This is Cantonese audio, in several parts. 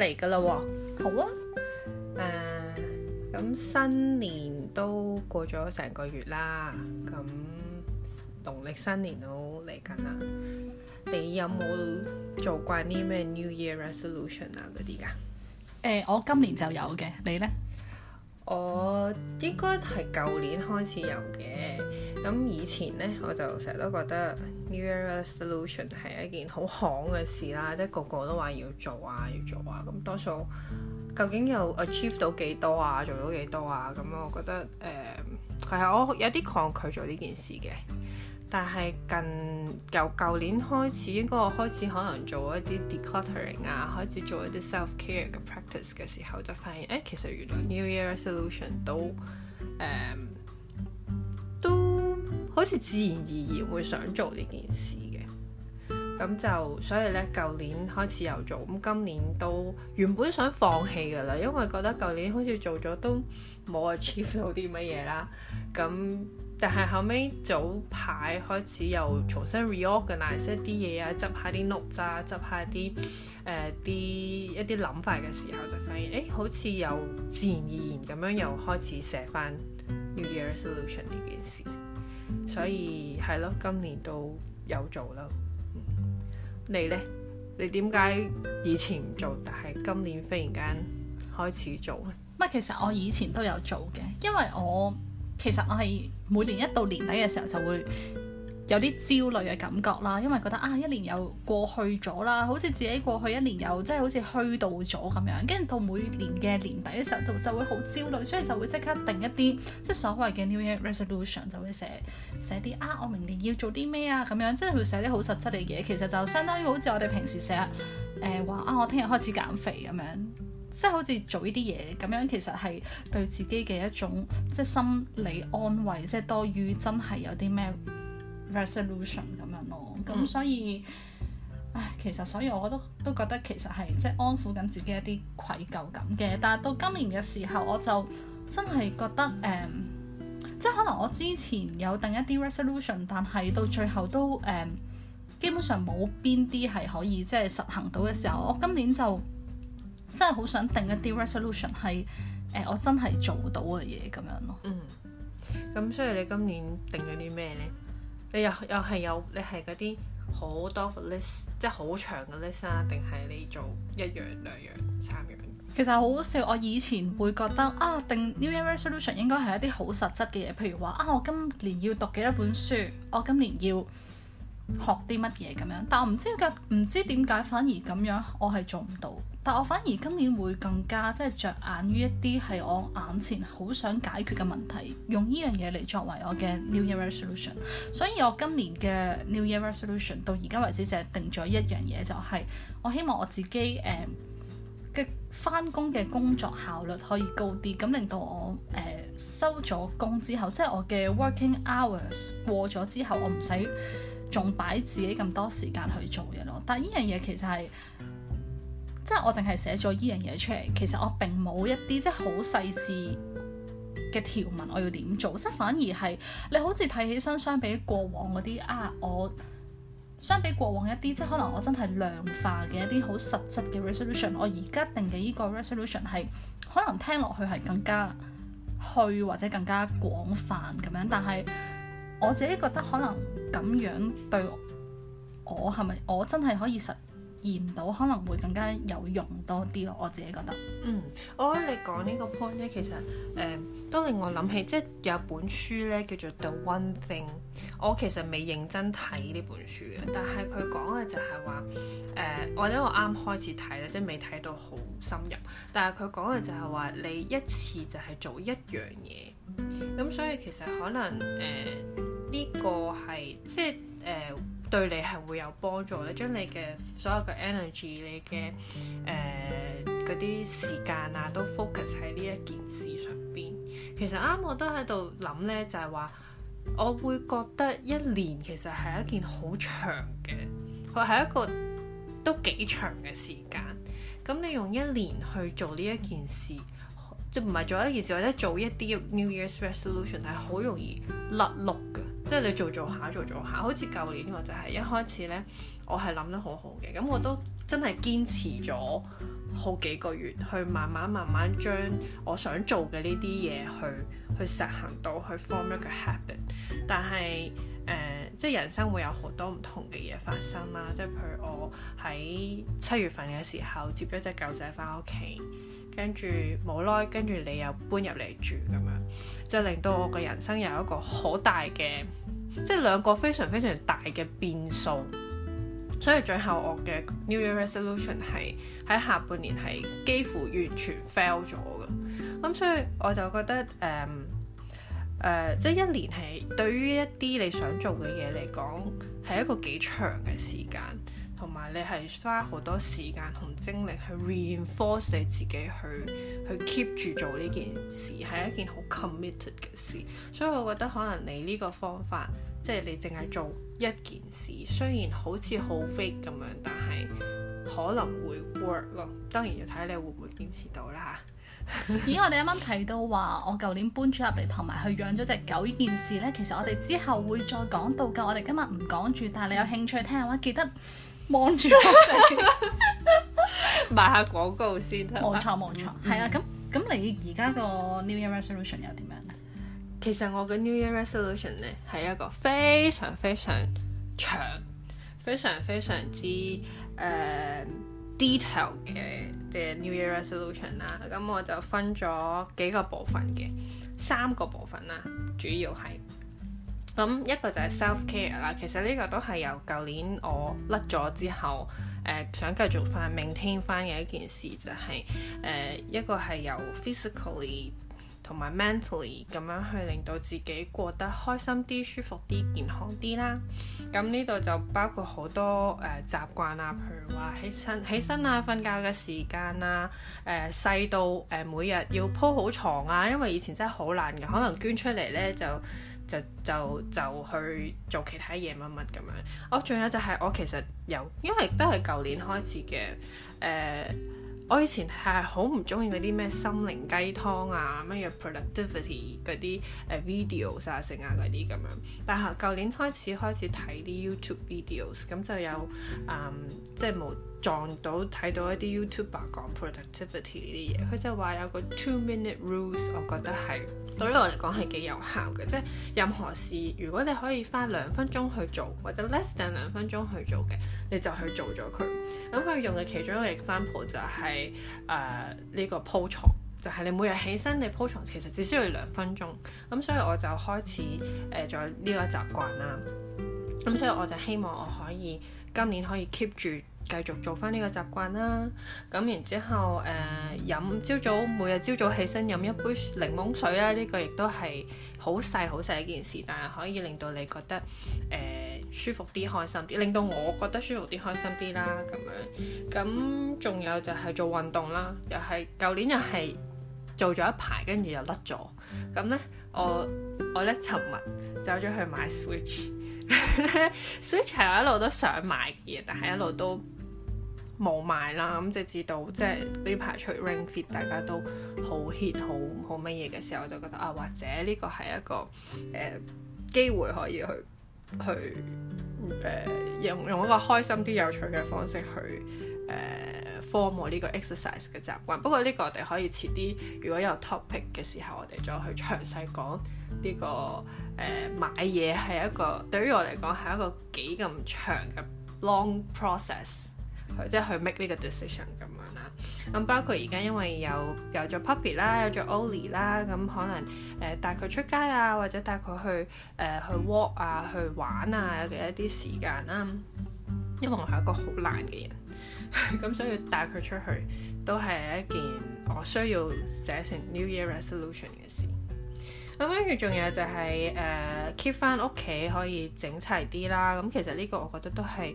嚟噶啦，好啊，誒，咁新年都過咗成個月啦，咁農曆新年都嚟緊啦，你有冇做慣啲咩 New Year Resolution 啊嗰啲噶？誒，我今年就有嘅，你咧？我應該係舊年開始有嘅。咁以前咧，我就成日都覺得 New Year Resolution 係一件好行嘅事啦，即係個個都話要做啊，要做啊。咁多數究竟又 achieve 到幾多啊？做到幾多啊？咁我覺得誒，係、嗯、我有啲抗拒做呢件事嘅。但係近由舊年開始，應該我開始可能做一啲 decluttering 啊，開始做一啲 self care 嘅 practice 嘅時候，就發現誒、欸，其實原來 New Year Resolution 都誒。嗯好似自然而然會想做呢件事嘅，咁就所以呢，舊年開始有做咁，今年都原本想放棄噶啦，因為覺得舊年好似做咗都冇 achieve 到啲乜嘢啦。咁但係後尾早排開始又重新 reorganize 一啲嘢啊，執下啲 note 啊，執下啲誒啲一啲諗法嘅時候，就發現誒、欸、好似又自然而然咁樣又開始寫翻 New Year Resolution 呢件事。所以係咯，今年都有做囉。你呢？你點解以前唔做，但係今年忽然間開始做呢？唔，其實我以前都有做嘅，因為我其實我係每年一到年底嘅時候就會。有啲焦慮嘅感覺啦，因為覺得啊，一年又過去咗啦，好似自己過去一年又即係好似虛度咗咁樣。跟住到每年嘅年底嘅時候，就就會好焦慮，所以就會即刻定一啲即係所謂嘅 New Year Resolution，就會寫寫啲啊，我明年要做啲咩啊咁樣，即係會寫啲好實質嘅嘢。其實就相當於好似我哋平時寫誒話啊，我聽日開始減肥咁樣，即係好似做呢啲嘢咁樣，其實係對自己嘅一種即係心理安慰，即係多於真係有啲咩。resolution 咁樣咯，咁所以，嗯、唉，其實所以我都都覺得其實係即係安撫緊自己一啲愧疚感嘅。但係到今年嘅時候，我就真係覺得誒、嗯嗯，即係可能我之前有定一啲 resolution，但係到最後都誒、嗯、基本上冇邊啲係可以即係、就是、實行到嘅時候，我今年就真係好想定一啲 resolution 係誒我真係做到嘅嘢咁樣咯。嗯，咁、嗯、所以你今年定咗啲咩呢？你又又係有你係嗰啲好多個 list，即係好長嘅 list 啊？定係你做一樣兩樣三樣？其實好好笑，我以前會覺得啊，定 New Year Resolution 應該係一啲好實質嘅嘢，譬如話啊，我今年要讀幾多本書，我今年要學啲乜嘢咁樣。但我唔知嘅唔知點解，反而咁樣我係做唔到。但我反而今年會更加即係着眼於一啲係我眼前好想解決嘅問題，用呢樣嘢嚟作為我嘅 New Year Resolution。所以我今年嘅 New Year Resolution，到而家為止就係定咗一樣嘢，就係我希望我自己誒嘅翻工嘅工作效率可以高啲，咁令到我誒收咗工之後，即係我嘅 working hours 過咗之後，我唔使仲擺自己咁多時間去做嘢咯。但呢樣嘢其實係即係我淨係寫咗依樣嘢出嚟，其實我並冇一啲即係好細緻嘅條文，我要點做？即係反而係你好似睇起身，啊，相比過往嗰啲啊，我相比過往一啲，即係可能我真係量化嘅一啲好實質嘅 resolution，我而家定嘅呢個 resolution 係可能聽落去係更加虛或者更加廣泛咁樣，但係我自己覺得可能咁樣對我係咪我真係可以實？研到可能會更加有用多啲咯，我自己覺得。嗯，我、oh, 覺得、嗯、你講呢個 point 咧，其實誒、呃、都令我諗起，嗯、即係有本書咧叫做《The One Thing》。我其實未認真睇呢本書嘅，但係佢講嘅就係話誒，或、呃、者我啱開始睇咧，即係未睇到好深入。但係佢講嘅就係話，嗯、你一次就係做一樣嘢。咁所以其實可能誒呢、呃，這個係即係誒。呃對你係會有幫助咧，將你嘅所有嘅 energy，你嘅誒嗰啲時間啊，都 focus 喺呢一件事上邊。其實啱我都喺度諗呢，就係話我會覺得一年其實係一件好長嘅，佢係一個都幾長嘅時間。咁你用一年去做呢一件事，即唔係做一件事，或者做一啲 New Year's Resolution，係好容易甩碌嘅。即係你做做下做做下，好似舊年我就係、是、一開始呢，我係諗得好好嘅。咁我都真係堅持咗好幾個月，去慢慢慢慢將我想做嘅呢啲嘢去去實行到去 form 一個 habit。但係誒、呃，即係人生會有好多唔同嘅嘢發生啦。即係譬如我喺七月份嘅時候接咗隻狗仔返屋企。跟住冇耐，跟住你又搬入嚟住咁樣，就令到我嘅人生有一個好大嘅，即係兩個非常非常大嘅變數。所以最後我嘅 New Year Resolution 係喺下半年係幾乎完全 fail 咗嘅。咁所以我就覺得誒誒、嗯嗯，即係一年係對於一啲你想做嘅嘢嚟講係一個幾長嘅時間。同埋，你係花好多時間同精力去 reinforce 你自己去，去去 keep 住做呢件事，係一件好 committed 嘅事。所以，我覺得可能你呢個方法，即係你淨係做一件事，雖然好似好 fit 咁樣，但係可能會 work 咯。當然要睇你會唔會堅持到啦。咦、 欸？我哋啱啱提到話，我舊年搬咗入嚟，同埋去養咗隻狗呢件事呢，其實我哋之後會再講到㗎。我哋今日唔講住，但係你有興趣聽嘅話，記得。望住我哋賣下廣告先。冇錯冇錯，係啊。咁咁，你而家個 New Year Resolution 又點樣呢？其實我嘅 New Year Resolution 咧，係一個非常非常長、非常非常之誒 detail 嘅嘅 New Year Resolution 啦。咁我就分咗幾個部分嘅，三個部分啦，主要有係。咁一個就係 self care 啦，其實呢個都係由舊年我甩咗之後，誒、呃、想繼續翻 maintain 翻嘅一件事，就是，就係誒一個係由 physically 同埋 mentally 咁樣去令到自己過得開心啲、舒服啲、健康啲啦。咁呢度就包括好多誒、呃、習慣啊，譬如話起身起身啊、瞓覺嘅時間啊、誒、呃、細到誒、呃、每日要鋪好床啊，因為以前真係好難嘅，可能捐出嚟咧就～就就就去做其他嘢、乜乜咁樣，我、哦、仲有就係、是、我其實有，因為都係舊年開始嘅，誒、呃、我以前係好唔中意嗰啲咩心靈雞湯啊，乜嘢 productivity 嗰啲誒、啊、videos 啊，剩啊嗰啲咁樣，但係舊年開始開始睇啲 YouTube videos，咁就有誒即係冇。嗯就是撞到睇到一啲 YouTuber 講 productivity 呢啲嘢，佢就話有個 two minute rules，我覺得係對於我嚟講係幾有效嘅，即係任何事如果你可以花兩分鐘去做，或者 less than 兩分鐘去做嘅，你就去做咗佢。咁佢用嘅其中一個 example 就係誒呢個鋪床，就係、是、你每日起身你鋪床其實只需要兩分鐘，咁所以我就開始誒咗呢個習慣啦。咁、嗯、所以我就希望我可以今年可以 keep 住繼續做翻呢個習慣啦。咁、嗯、然之後，誒、呃、飲朝早每日朝早起身飲一杯檸檬水啦。呢、呢個亦都係好細好細一件事，但係可以令到你覺得誒、呃、舒服啲、開心啲，令到我覺得舒服啲、開心啲啦。咁樣咁仲、嗯、有就係做運動啦，又係舊年又係做咗一排，跟住又甩咗。咁呢，我我咧尋日走咗去買 Switch。所以係我一路都想買嘅嘢，但係一路都冇買啦。咁直至到即係呢排出 Ring Fit，大家都好 hit，好好乜嘢嘅時候，我就覺得啊，或者呢個係一個誒機、呃、會，可以去去誒、呃、用用一個開心啲、有趣嘅方式去誒。呃 form 我呢個 exercise 嘅習、習慣，不過呢個我哋可以遲啲，如果有 topic 嘅時候，我哋再去詳細講呢、這個誒、呃、買嘢係一個對於我嚟講係一個幾咁長嘅 long process，即係、就是、去 make 呢個 decision 咁樣啦。咁包括而家因為有有咗 puppy 啦，有咗 Ollie 啦，咁可能誒、呃、帶佢出街啊，或者帶佢去誒、呃、去 walk 啊，去玩啊嘅一啲時間啦、啊。因為我係一個好懶嘅人。咁 所以帶佢出去都係一件我需要寫成 New Year Resolution 嘅事。咁跟住仲有就係誒 keep 返屋企可以整齊啲啦。咁其實呢個我覺得都係。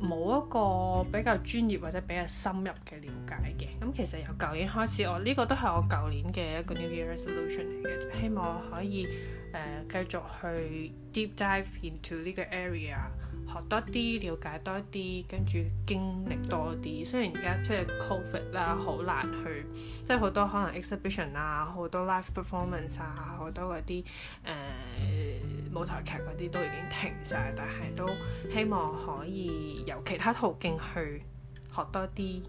冇一個比較專業或者比較深入嘅了解嘅，咁、嗯、其實由舊年開始，我呢、呢個都係我舊年嘅一個 New Year Resolution 嚟嘅，希望可以誒繼、呃、續去 deep dive into 呢個 area，學多啲，了解多啲，跟住經歷多啲。雖然而家出咗 Covid 啦，好難去，即係好多可能 exhibition 啊，好多 live performance 啊，好多嗰啲誒。呃舞台劇嗰啲都已經停晒，但係都希望可以由其他途徑去學多啲、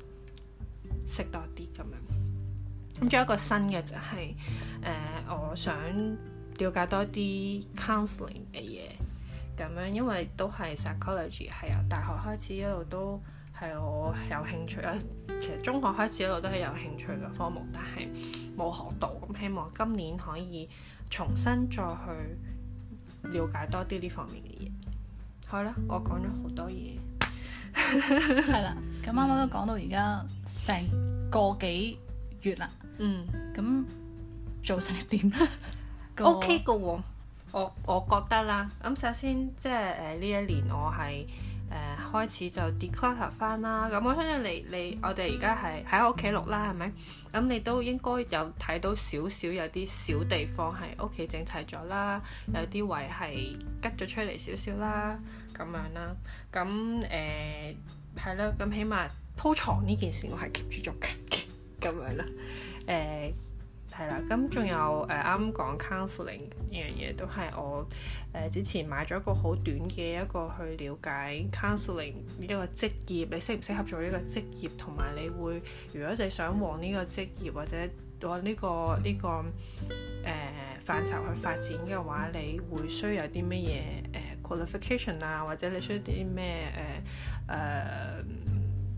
識多啲咁樣。咁仲有一個新嘅就係、是、誒、呃，我想了解多啲 counselling 嘅嘢咁樣，因為都係 psychology 係由大學開始一路都係我有興趣啊。其實中學開始一路都係有興趣嘅科目，但係冇學到咁，希望今年可以重新再去。了解多啲呢方面嘅嘢，好 啦，我講咗好多嘢，係啦、 嗯，咁啱啱都講到而家成個幾月啦，嗯，咁做成點咧 那？OK 㗎喎，我我覺得啦，咁首先即係誒呢一年我係。誒、呃、開始就 declutter 翻啦，咁我相信你你，你我哋而家係喺屋企錄啦，係咪？咁你都應該有睇到少少有啲小地方係屋企整齊咗啦，有啲位係吉咗出嚟少少啦，咁樣啦。咁誒係啦，咁起碼鋪床呢件事我係 keep 住做嘅，咁 樣啦，誒、呃。係啦，咁仲、嗯、有誒啱啱講 counseling 呢樣嘢，都係我誒、呃、之前買咗一個好短嘅一個去了解 counseling 一個職業，你適唔適合做呢個職業，同埋你會如果你想往呢個職業或者往、呢、呢個呢、呢個誒、呃、範疇去發展嘅話，你會需要有啲乜嘢誒 qualification 啊，或者你需要啲咩誒誒？呃呃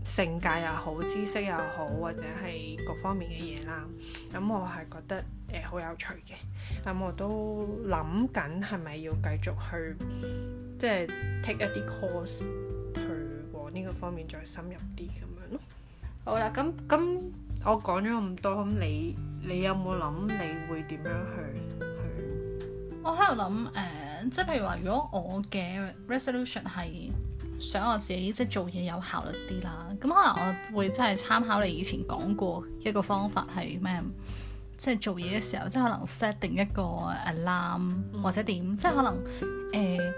性格又好，知識又好，或者係各方面嘅嘢啦。咁、嗯、我係覺得誒好、呃、有趣嘅。咁、嗯、我都諗緊係咪要繼續去即係、就是、take 一啲 course 去往呢個方面再深入啲咁樣咯。好啦，咁咁我講咗咁多，咁你你有冇諗你會點樣去去？我喺度諗誒，即係譬如話，如果我嘅 resolution 係，想我自己即係、就是、做嘢有效率啲啦，咁可能我會真係參考你以前講過一個方法係咩，即、就、係、是、做嘢嘅時候，即、就、係、是、可能 set 定一個 alarm 或者點，即、就、係、是、可能誒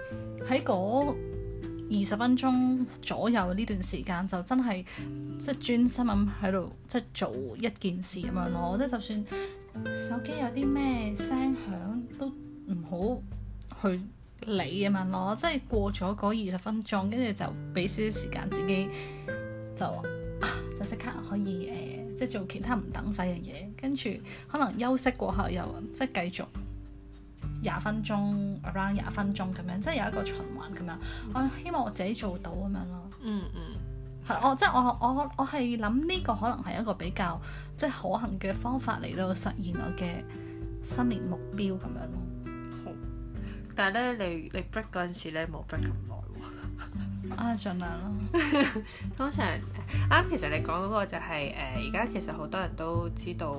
喺嗰二十分鐘左右呢段時間，就真係即係專心咁喺度即係做一件事咁樣咯，即、就是、就算手機有啲咩聲響都唔好去。你啊嘛咯，即係過咗嗰二十分鐘，跟住就俾少少時間自己就，就就即刻可以誒、呃，即係做其他唔等使嘅嘢，跟住可能休息過後又即係繼續廿分鐘，around 廿分鐘咁樣，即係有一個循環咁樣。嗯、我希望我自己做到咁樣咯、嗯。嗯嗯，係我即係我我我係諗呢個可能係一個比較即係可行嘅方法嚟到實現我嘅新年目標咁樣咯。但係咧，你你 break 嗰陣時咧冇 break 咁耐喎。啊，盡力咯。 通常啱，就是呃、其實你講嗰個就係誒，而家其實好多人都知道，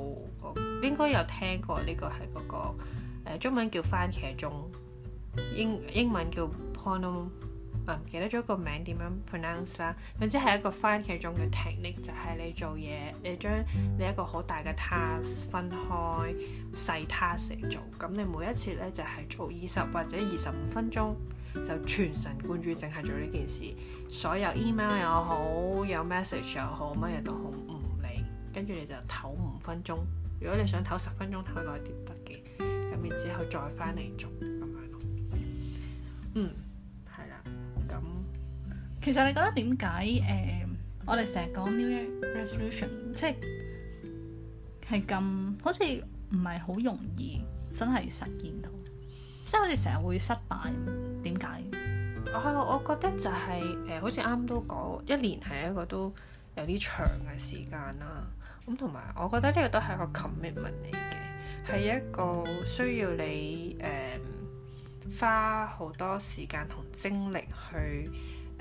應該有聽過呢個係嗰、那個、呃、中文叫番茄鐘，英英文叫 Pomodoro。唔記得咗個名點樣 pronounce 啦，總之係一個番茄鐘嘅 technique，就係你做嘢，你將你一個好大嘅 task 分開細 task 嚟做，咁你每一次咧就係做二十或者二十五分鐘，就全神貫注凈係做呢件事，所有 email 又好，有 message 又好，乜嘢都好唔理，跟住你就唞五分鐘，如果你想唞十分鐘，唞耐啲得嘅，咁然之後再翻嚟做咁樣咯，嗯。其實你覺得點解誒？我哋成日講 New Year Resolution，即係咁好似唔係好容易真係實現到，即係好似成日會失敗。點解、哦？我覺得就係、是、誒、呃，好似啱都講一年係一個都有啲長嘅時間啦。咁同埋我覺得呢個都係一個 commitment 嚟嘅，係一個需要你誒、呃、花好多時間同精力去。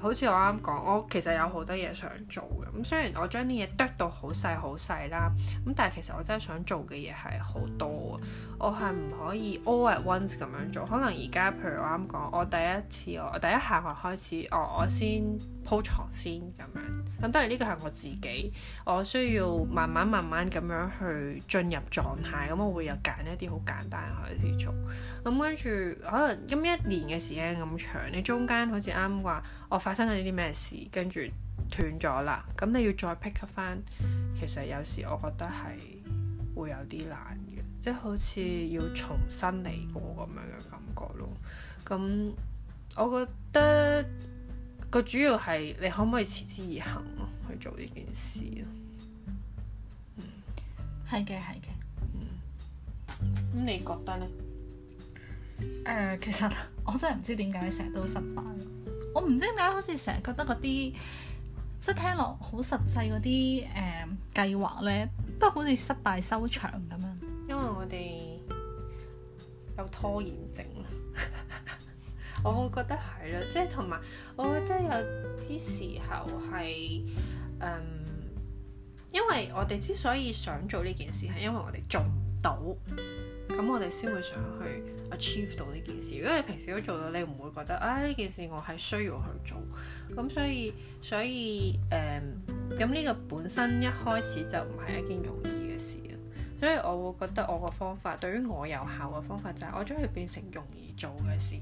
好似我啱講，我其實有好多嘢想做嘅，咁雖然我將啲嘢剁到好細好細啦，咁但係其實我真係想做嘅嘢係好多啊，我係唔可以 all at once 咁樣做。可能而家譬如我啱講，我第一次，我第一，次我第一下學開始，我、哦、我先鋪床先咁樣，咁當然呢個係我自己，我需要慢慢慢慢咁樣去進入狀態，咁、嗯、我會有揀一啲好簡單嘅開始做，咁、嗯、跟住可能咁一年嘅時間咁長，你中間好似啱話我，發生緊呢啲咩事，跟住斷咗啦。咁你要再 pick up 翻，其實有時我覺得係會有啲難嘅，即係好似要重新嚟過咁樣嘅感覺咯。咁我覺得個主要係你可唔可以持之以恒咯去做呢件事咯。係嘅，係嘅。嗯，咁、嗯、你覺得呢？呃、其實我真係唔知點解成日都失敗。我唔知點解，好似成日覺得嗰啲即聽落好實際嗰啲誒計劃咧，都好似失敗收場咁樣。因為我哋有拖延症， 我會覺得係啦。即係同埋，我覺得有啲時候係誒、嗯，因為我哋之所以想做呢件事，係因為我哋做唔到。咁我哋先會想去 achieve 到呢件事。如果你平時都做到，你唔會覺得，啊呢件事我係需要去做。咁所以所以誒，咁呢個本身一開始就唔係一件容易嘅事。所以我會覺得我個方法對於我有效嘅方法就係我將佢變成容易。做嘅事，咁、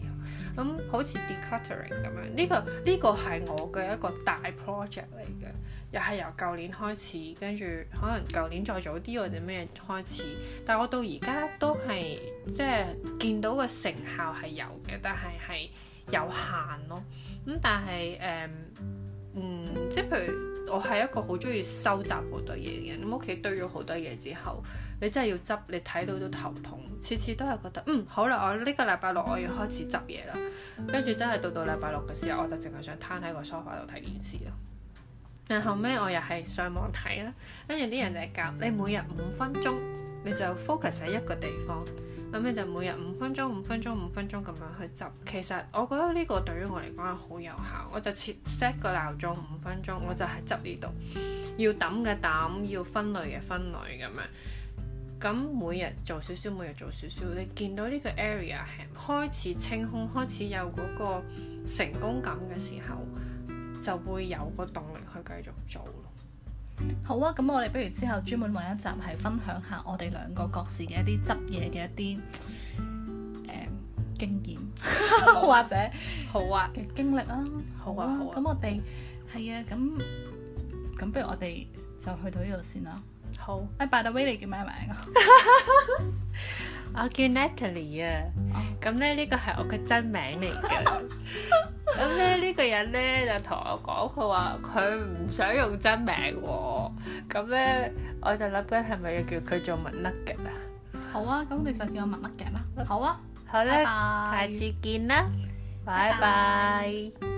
嗯、好似 decluttering 咁樣，呢、這個呢、這個係我嘅一個大 project 嚟嘅，又係由舊年開始，跟住可能舊年再早啲或者咩開始，但我到而家都係即係見到個成效係有嘅，但係係有限咯，咁、嗯、但係誒。嗯嗯，即係譬如我係一個好中意收集好多嘢嘅人，咁屋企堆咗好多嘢之後，你真係要執，你睇到都頭痛，次次都係覺得嗯，好啦，我呢個禮拜六我要開始執嘢啦，跟住真係到到禮拜六嘅時候，我就淨係想攤喺個梳化度睇電視啦。但後尾我又係上網睇啦，跟住啲人就教你每日五分鐘，你就 focus 喺一個地方。咁你就每日五分鐘、五分鐘、五分鐘咁樣去執。其實我覺得呢個對於我嚟講係好有效。我就設 set 個鬧鐘五分鐘，我就係執呢度要抌嘅抌，要分類嘅分類咁樣。咁每日做少少，每日做少少。你見到呢個 area 係開始清空，開始有嗰個成功感嘅時候，就會有個動力去繼續做咯。.好啊，咁我哋不如之後專門搵一集係分享下我哋兩個各自嘅一啲執嘢嘅一啲誒、呃、經驗 或者好啊嘅經歷啦、啊，好啊，好啊，咁我哋係啊，咁咁、啊、不如我哋就去到呢度先啦。好，哎、by the way 你叫咩名 啊？Oh, 這這，我叫 Natalie 啊，咁咧呢個係我嘅真名嚟嘅。 咁咧呢個人咧就同我講，佢話佢唔想用真名喎、哦。咁咧、嗯、我就諗緊係咪要叫佢做文粒嘅啦？好啊，咁你就叫我文粒嘅啦。好啊 bye，好啦，下次見啦，bye bye 拜拜。